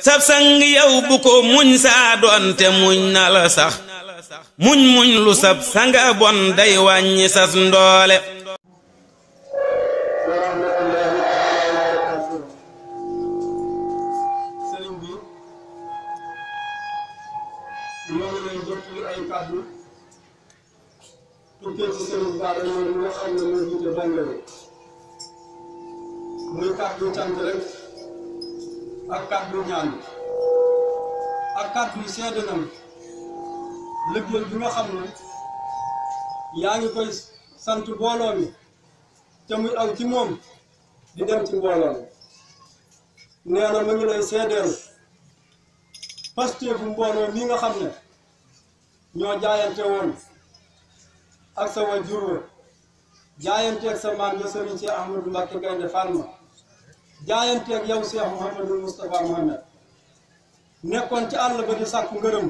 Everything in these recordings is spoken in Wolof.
sab sang yow bu ko muñ saa doonte muñ na la sax muñ muñ lu sab sanga bon day wàññi sas ndoole ak kàddu ñaan ak kàddu yi seede na liggéey bi nga xam ne yaa ngi koy sant mbooloo mi te muy aw ci moom di dem ci mbooloo mi nee na mu ngi lay seedeel pasteefu mbooloo mi nga xam ne ñoo jaayante woon ak sa wajur jaayante ak sa maam ya Sëriñ si Ahmadou Mbacké Gaynde Fatma jaayanteeg yow Cheikh Mouhamadul Moustapha Mohamed nekkoon ci àll ba di sàkku ngërëm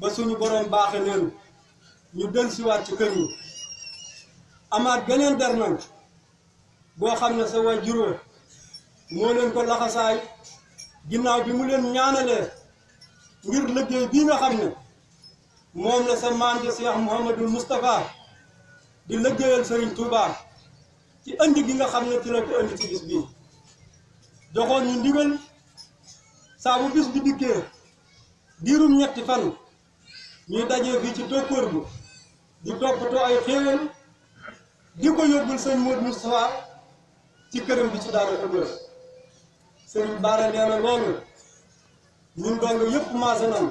ba suñu borom baaxe leen ñu del siwaat ci kër yi amaat geneen der boo xam ne sa way juróo moo leen ko laxasaay ginnaaw bi mu leen ñaanalee ngir liggéey bii nga xam ne moom la sa maam ja Cheikh Mouhamadul Moustapha di liggéeyal Serigne Touba ci andi gi nga xam ne ci la ci bis bii joxoon ñu ndigal saa bu bis bi dikkee diirum ñetti fan ñuy dajee fii ci tokkoor bu di toppatoo ay xéewal di ko yóbbul sëñ Modou Moustapha ci këram bi ci Daaru Xudoos sëñ Baara nee na loolu ñun dong yëpp maase nañ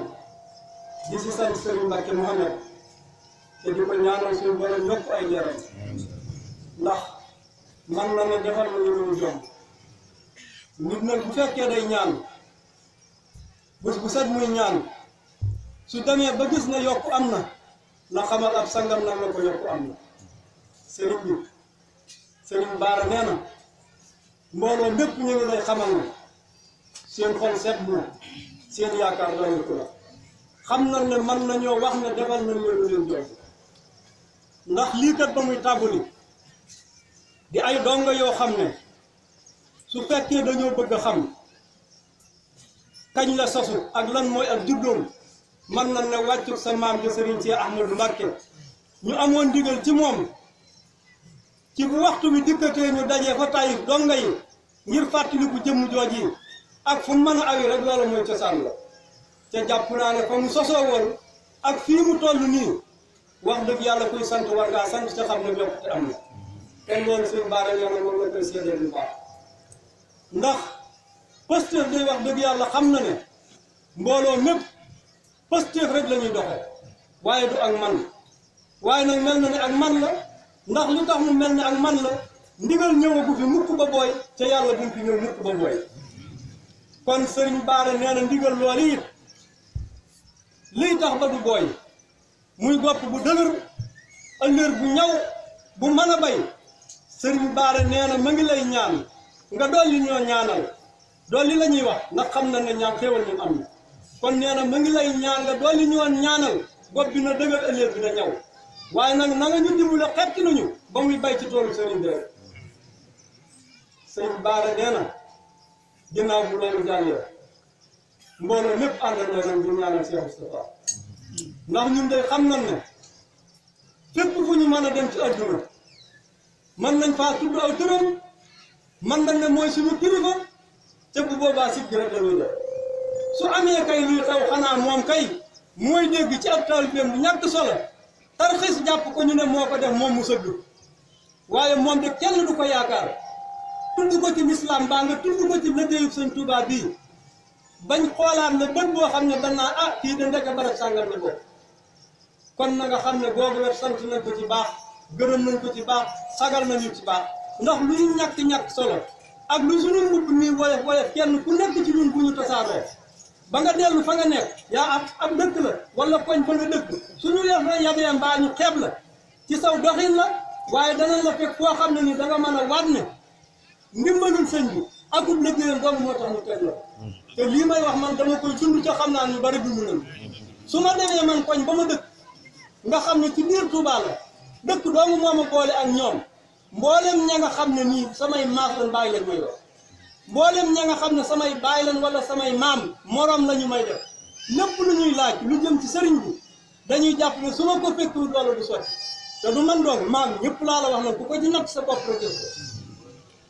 di si sant sëñ Mbacke Mouhamed te di ko ñaanal suñu borom yokk ay leeram ndax man na ne defal ma ñu lu jom nit nag bu fekkee day ñaan bu set muy ñaan su demee ba gis ne yokk am na na xamal ab sangam na ko yokku am na sëriñ bi sëriñ Baara nee na mbooloo seen xol set na seen yaakaar doyul ko la xam na ne mën nañoo wax ne defal nañ leen jox ndax lii kat ba muy tàgguli di ay dongo yoo xam ne su fekkee dañoo bëgg a xam kañ la sosu ak lan mooy ak juddoom man na ne wàccu sa maam ci Serigne Cheikh Ahmadou Mbacké ñu amoon ndigal ci moom ci bu waxtu bi dikkatee ñu dajee fa tayif donga yi ngir fàttaliku jëmm jooj yi ak fu mën a awi rek loolu mooy cosaan la te jàpp naa ne fa mu sosoo woon ak fii mu toll nii wax dëgg yàlla kuy sant war ngaa sant ca xam ne yokkute am na kon loolu suñu baara yoon moom la koy séedee bu ndax Pastef day wax dëgg yàlla xam na ne mbooloo mépp Pastef rek lañuy ñuy doxee waaye du ak man waaye nag mel na ne ak man la ndax li tax mu mel ne ak man la ndigal ñëwagu fi mukk ba booy ca yàlla duñ fi ñëw mukk ba booy kon sëriñ Baara nee na ndigal loolu it liy tax ba du booy muy gopp bu dëgër ëllër bu ñaw bu man a bay sëriñ Baara nee na ma ngi lay ñaan nga dolli ñoo ñaanal dolli la ñuy wax ndax xam na ne ñaan xéewal ñu am na kon nee na mu ngi lay ñaan nga dolli ñoo ñaanal bopp bi na dëgër ëllëg bi na ñaw waaye nag na nga ñu dimbale xetti nañu ba muy bay ci toolu sëriñ bi sëriñ Baara nee na ginnaaw bu loolu jàllee mbooloo lépp ànd na nag di ñaanal Cheikh Moustapha ndax ñun de xam nañ ne fépp fu ñu mën a dem ci adduna mën nañ faa tudd aw turam man nañ ne mooy suñu kilifa te bu boobaa si bi la ñuy def su amee kay luy xew xanaa moom kay mooy dégg ci ab taalibeem bu ñàkk solo tarxis jàpp ko ñu ne moo ko dem moom mu sëgg waaye moom de kenn du ko yaakaar tudd ko ci lislaam baa nga tudd ko ci liggéeyub sëñ Tuubaa bii bañ xoolaat na bët boo xam ne danaa ah kii de ndeke barab sàngal la bokk kon na nga xam ne googu wet sant nañ ko ci baax gërëm nañ ko ci baax sagal nañu ci baax ndox lu ñu ñàkk ñàkk solo ak lu suñu mbubb mi woyof woyof kenn ku nekk ci ñun bu ñu tasaaroo ba nga dellu fa nga nekk yaa ab ab dëkk la wala koñ fa nga dëkk suñu leef la yabee mbaa ñu xeeb la ci saw doxin la waaye danañ la fekk foo xam ne nii danga mën a waat ne ndimbalul sëñ bi akub liggéeyam doomu moo tax mu teg la te lii may wax man dama koy dund ca xam naa ñu bari dund nañu su ma demee man koñ ba ma dëkk nga xam ne ci biir Tuubaa la dëkk doomu moo ma boole ak ñoom mboolem ña nga xam ne nii samay maas lan bàyyi leen may wax mboolem ña nga xam ne samay baay leen wala samay maam moroom la ñu may def lépp lu ñuy laaj lu jëm ci sëriñ bi dañuy jàpp ne su ma ko fekkiwul loolu du sotti te du man doon maam ñëpp laa la wax nag ku ko ci natt sa bopp rek jël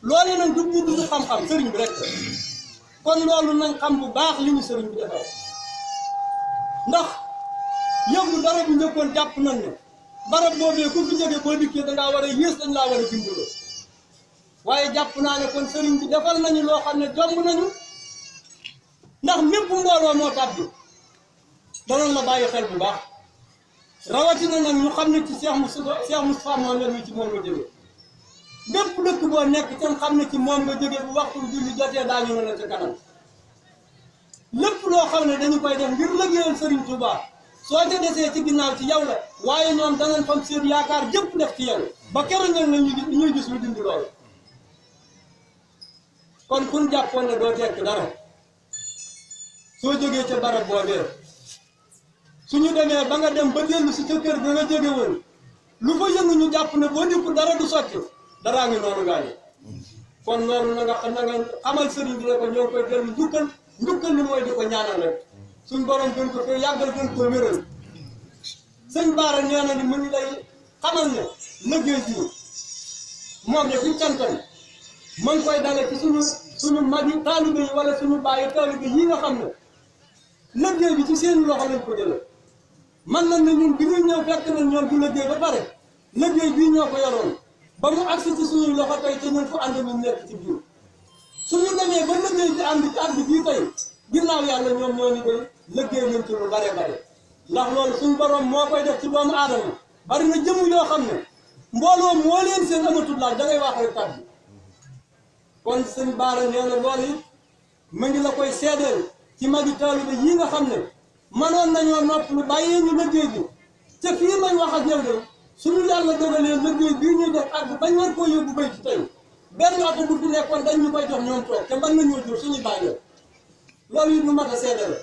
ko loolu nag du xam-xam sëriñ bi rek kon loolu nañ xam bu baax li ñu sëriñ bi defal ndax yëngu dara bu njëkkoon jàpp nañ ne. barab boobee ku fi jógee boo dikkee da ngaa war a yées dañ laa war a dimbaloo waaye jàpp naa ne kon sëriñ bi defal nañu loo xam ne jomb nañu ndax mépp mbooloo moo tàbbi danoon la bàyyi xel bu baax rawatina nag ñu xam ne ci Cheikh Moustapha Cheikh Moustapha moom la ñu ci moom la jógee bépp dëkk boo nekk tam xam ne ci moom nga jógee bu waxtu julli jotee daañu la ca kanam lépp loo xam ne dañu koy def ngir liggéeyal sëriñ Touba. soo ca desee ci ginnaaw ci yow la waaye ñoom danañ fam seen yaakaar yëpp def fi yow ba keroog ngeen ne ñu ñuy gis lu dindi loolu kon kun jàppoon ne doo tekk dara soo jógee ci barab boobee suñu demee ba nga dem ba dellu si ca kër ga nga jóge lu fa yëngu ñu jàpp ne boo dikku dara du sotti daraa ngi noonu gaañu kon noonu na nga xam na nga xamal sëriñ bi ne ko ñoo koy dellu njukkal njukkal ni mooy di ko ñaanal suñ borom gën ko te yàggal gën ko wéral sëñ Baara nee na ni mu ngi lay xamal ne liggéey ji moom ne suñ cantan mu ngi koy dale ci suñu suñu magi taalibe yi wala suñu bàyyi taalibe yi nga xam ne liggéey bi ci seen loxo lañ ko man nañ ne ñun bi ñu ñëw fekk nañ ñoom di liggéey ba pare liggéey bii ñoo ko yoroon ba mu agsi ci suñuy loxo tey te ñun fu ànd ñu nekk ci biir suñu demee ba liggéey bi ànd ci ànd bii ginnaaw yàlla ñoom ñoo ñu koy lëggéey nañ ci lu bare bare ndax loolu suñu borom moo koy def ci doomu aadama bari na jëmm yoo xam ne mbooloo moo leen seen amatul laaj da ngay wax rek kon sëñ Baara nee na loolu it ngi la koy seedeel ci magi taalibe yii nga xam ne mënoon nañoo nopp lu bàyyee ñu lëggéey bi te fii lañ wax ak yow de suñu yàlla dogalee lëggéey bii ñuy def ak bañ war koo yóbbu bay ci tey benn oto bu fi nekkoon dañ ñu koy jox ñoom toog te mën nañoo jur suñu bàyyee loolu it lu mat a seede la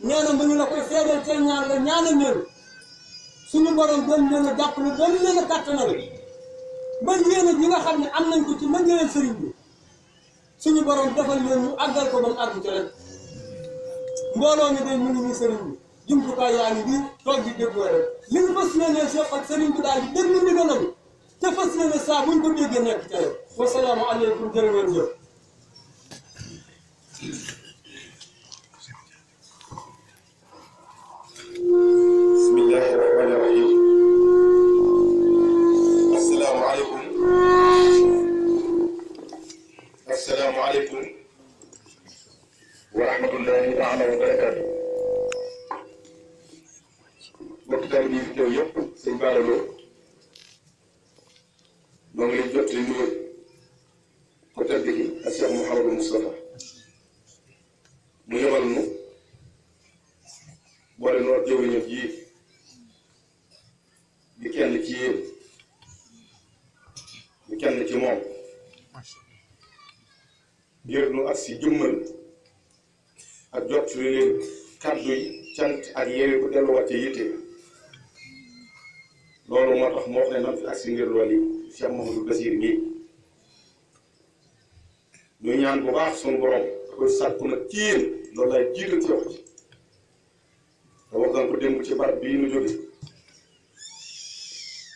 nee na mu ñu la koy seedeel te ñaan la ñaanal leen suñu borom doon leen a jàppale doon leen a kàttanal ba yéen a ñi nga xam ne am nañ ko ci mën ngeen sëriñ bi suñu boroon defal leen ñu àggal ko ba mu àgg ci rek mbooloo mi day mënuñu sëriñ bi jumtukaay yaa ngi bi toog di déggoo rek li ñu fas yéenee Seex ak sëriñ bi daal di déglu ndigalam te fas yéene saa buñ ko déggee nekk ca yow. wasalaamu aleykum jërë ngeen bismillahi rahmaani rahim asalaamaaleykum asalaamaaleykum wa rahmatullahi taala wa barakaatu mbokk taal bi fi teew yëpp sëñ Baalaloo moo ngi leen jot li nuyoo ko tedd gi ak Cheikh Mouhamadou Moustapha mu yebal nu si jëmmal ak jot li leen kàddu yi cant ak yeewee ko delluwaat ca yitte loolu moo tax moo wax ne nan ak si ngir lool yi Cheikh Mouhamadou Bassir ngii ñu ñaan bu baax suñu borom da koy sàkku nag ci yéen loolu laay jiital ci wax ci te wax daan ko démb ci barab bii nu jóge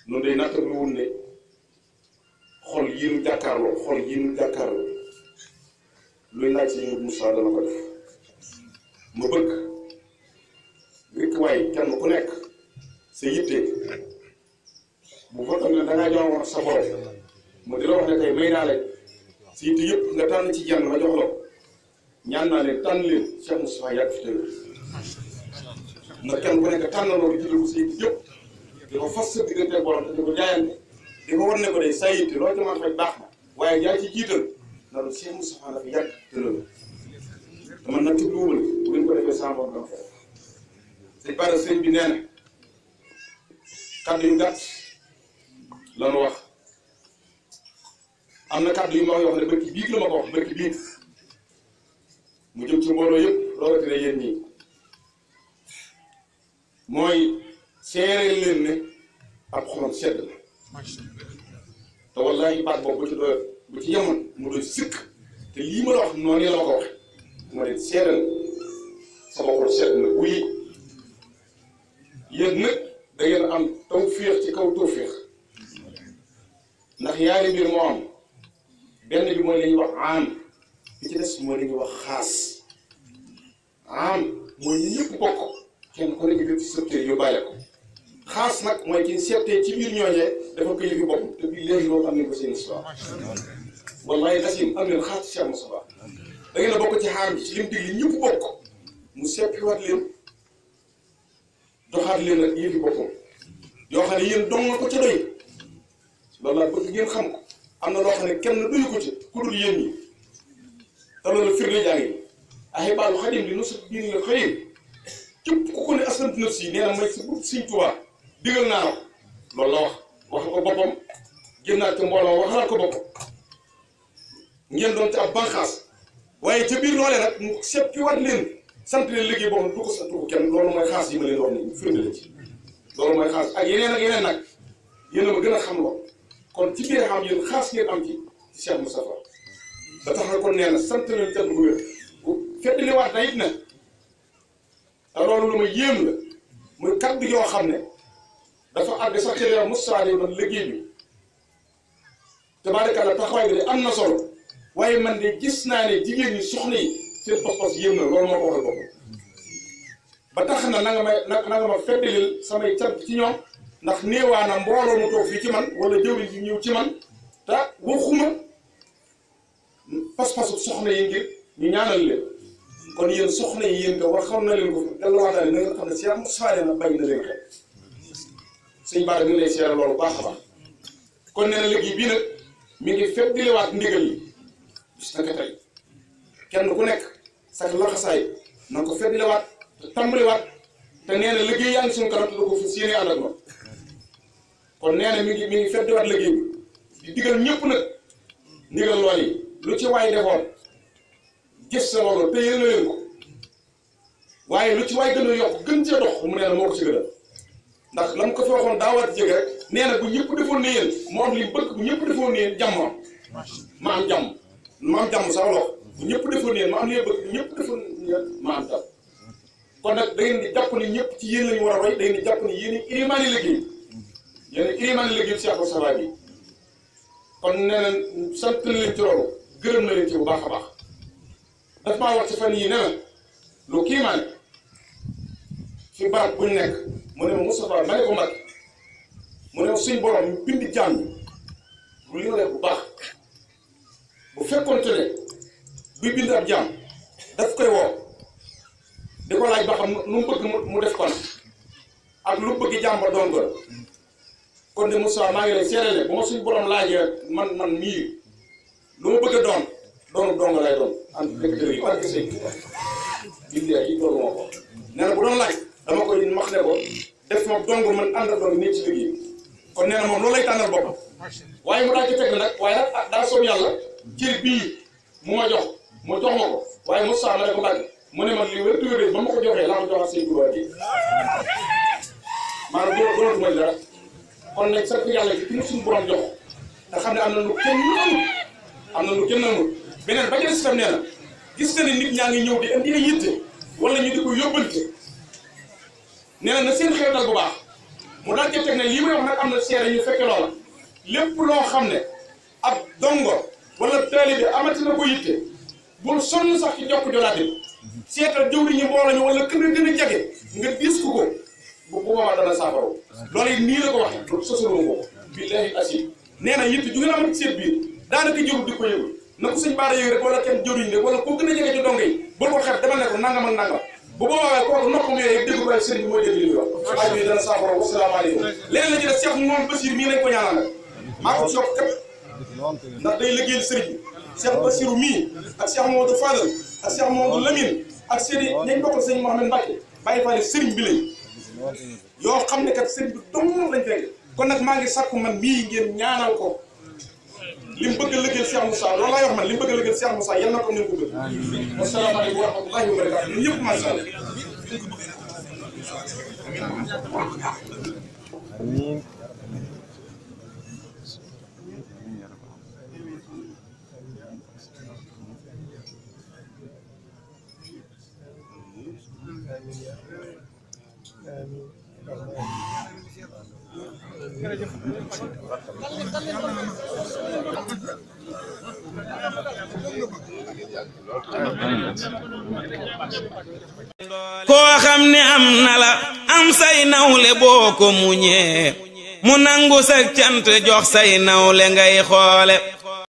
nun day nattab lu wun xol yi nu jàkkaarloo xol yi nu jàkkaarloo luy naa ci ñun Moussa dana ko def ma bëgg rek waaye kenn ku nekk sa yitte bu fekkoon ne da ngaa jox woon sa borom ma di la wax ne tey may naa leen ci jenn ma jox la ñaan naa leen tànn leen Cheikh nekk tànn a faj waaye yaa ci jiital. loolu seen Moustapha dafa yàgg tëral la man nag ci duubal bu ngeen ko defee sàmmoon dama foofu sëñ Bara sëñ bi nee na kàddu yu la nu wax am na kàddu yu ma wax yoo xam ne bëkki biig ma ko wax bëkki mu jëm ci mbooloo yëpp rawatina yéen ñii mooy seeree leen ne ab xorom sedd la te wallaahi baat boobu ci doyal lu ci yemul mu doon sëkk te lii ma la wax noonu la ma ko waxee ma leen seetal sama xol seet na buy yéen nag da ngeen am tawféex ci kaw tawféex ndax yaari mbir moo am benn bi mooy la ñuy wax am li ci des mooy la ñuy wax xaas am mooy ñu ñëpp bokk kenn ku nekk def ci secteur yóbbaale ko xaas nag mooy ki seetee ci biir ñooñee dafa koy yëfi bopp te bii léegi loo xam ne ko seen histoire wallahi lasim am leen xaar ci Cheikh Moustapha da a bokk ci xaar bi ci lim digle ñëpp bokk mu seppiwaat leen doxaat leen ak yëfi boppam yoo xam ne yéen dong ko ca doy loolu laa bëgg ngeen xam ko am na loo xam ne kenn doyu ko ci ku dul yéen ñi te loolu firnde jàng yi ahibaalu xadim di ku ko ne aslantu naf si nee na may si bu Sëñ Tuubaa digal naa la la wax wax ko boppam génnaat ko mbooloo waxalaat ko boppam ngeen doon ci ab banqaas waaye ca biir loolee nag mu seppiwaat leen sant leen liggéey boo xam du ko sant kenn loolu mooy xaas yi ma leen loolu mooy ak yeneen ak yeneen nag ma gën a xam lool kon ci biir ngeen am ci ci Cheikh Moustapha ba tax na kon fedd li waat na it nag te lu ma yéem la muy kaddu yoo xam ne dafa àgg sax ci leer Moustapha man liggéey bi te baaraka la taxawaay bi de am na sol waaye man de gis naa ne jigéen ñi soxna yi seen pas-pas yéem na loolu moo ko waral boppam ba tax na na nga may na samay cant ci ñoom ndax néewaana mbooloo mu toog fii ci man wala jëwriñ yi ñëw ci man te waxuma pas-pasu soxna yi ngir ñu ñaanal leen kon yéen soxna yi yéen nga war xam na leen ko delloo daal na nga xam si am soirée na lay seeral loolu baax a baax kon nee na léegi bii nag mi ngi feddaliwaat ndigal yi bis naka tey kenn ku nekk sax laxasaay na nga ko feddilewaat te tàmbaliwaat te nee na liggéey yaa ngi suñu kanam lu ko fas yéene ànd ak moom kon nee na mi ngi mi ngi feddiwaat liggéey di digal ñëpp nag ndigal lool yi lu ci waay defoon gis sa loolu te yéen a ko waaye lu ci waay gën a yokk gën cee dox mu nee moo ko ci gën ndax la mu ko fi waxoon daawaat jege rek nee bu ñëpp defoon ne moo am li bëgg bu ñëpp defoon ne yéen jàmm ma ma am jàmm sama loxo ñëpp defoon yéen ma am li ngeen bëgg kon nag da ngeen di jàpp ni ñëpp ci yéen lañu war a roy da ngeen di jàpp ni yéen i ilimaani liggéey yéen i ilimaani liggéey Cheikh Moustapha bi kon nee sant na leen ci loolu gërëm na leen ci bu baax a baax daf maa wax ci fan yii nee lu kiimaane fi barab buñ nekk mu ne ma Moustapha ma ne ko mag mu ne ma suñ borom bind jaam ñu lu li bu baax fekkonte ne buy bind ab jaam daf koy woo di ko laaj ba xam lu mu bëgg mu def kon lu bëgg jaam ba doon ko kon de Moussa maa ngi lay suñu borom laajee man man mii lu ma bëgg a doon doonu dong ko nee na bu doon laaj dama koy max ne ko def ma dong man ànd ak doon nit ci liggéey kon nee moom loolu lay tànnal boppam waaye mu daal ci teg nag waaye nag ah, daa yàlla jël bii mu ma jox mu jox ma ko waaye mu saama rek ma bàyyi mu ne man li wér tuuti ba ma ko joxee laa ma joxaat seen tubaab bi maanaam góor góor mooy dara yàlla ci ki xam ne am na lu kenn nangu am na lu kenn nangu beneen ba des itam nee na gis na ne nit ñaa ngi ñëw di indi ay yitte wala ñu di ko na na seen xel dal bu mu daal di teg ne am na seere ñu fekke loola lépp loo xam ne ab dongo. wala taalibe amati na ko yitte bul sonn sax ci jokk jolaate bi seetal jëwriñu mbooloo ñu wala kër gën a jege nga diis ko ko bu boobaa dana saafaraw loolu it nii la ko waxee loolu sosaloo ko billaahi asib nee na yitte ju ngeen amati seet di ko yëgu na ko sëñ baara yëg rek wala kenn jëriñ rek wala koo gën a jege ci donge yi bul ko xeeb dama ne ko nangam ak nangam bu boobaa kooku nopp mu yore dégg waaye sëriñ bi mooy dégg li muy wax waaye bi dana ko ñaanal maa ko soog ndax day liggéeyal sëriñ Cheikh Bassirou mii ak Cheikh Mamadou Fadal ak Cheikh Mamadou Lamine ak seen i ñañ bokkal sëñ Mouhamed Mbacke bàyyi faale sëriñ bi lañ yoo xam ne kat sëriñ bi dong lañ fekk kon nag maa ngi sakku man mii ngeen ñaanal ko li mu bëgg a liggéeyal Cheikh Moussa loolu laay wax man li mu bëgg a liggéeyal Cheikh Moussa yal na ko am nañu ko bëgg. wasalaamaaleykum wa rahmatullahi wa barakatu ñun ñëpp macha allah. amiin. koo xam ne am na am say nawle boo ko muñee mu nangu sa cant jox say nawle ngay xoole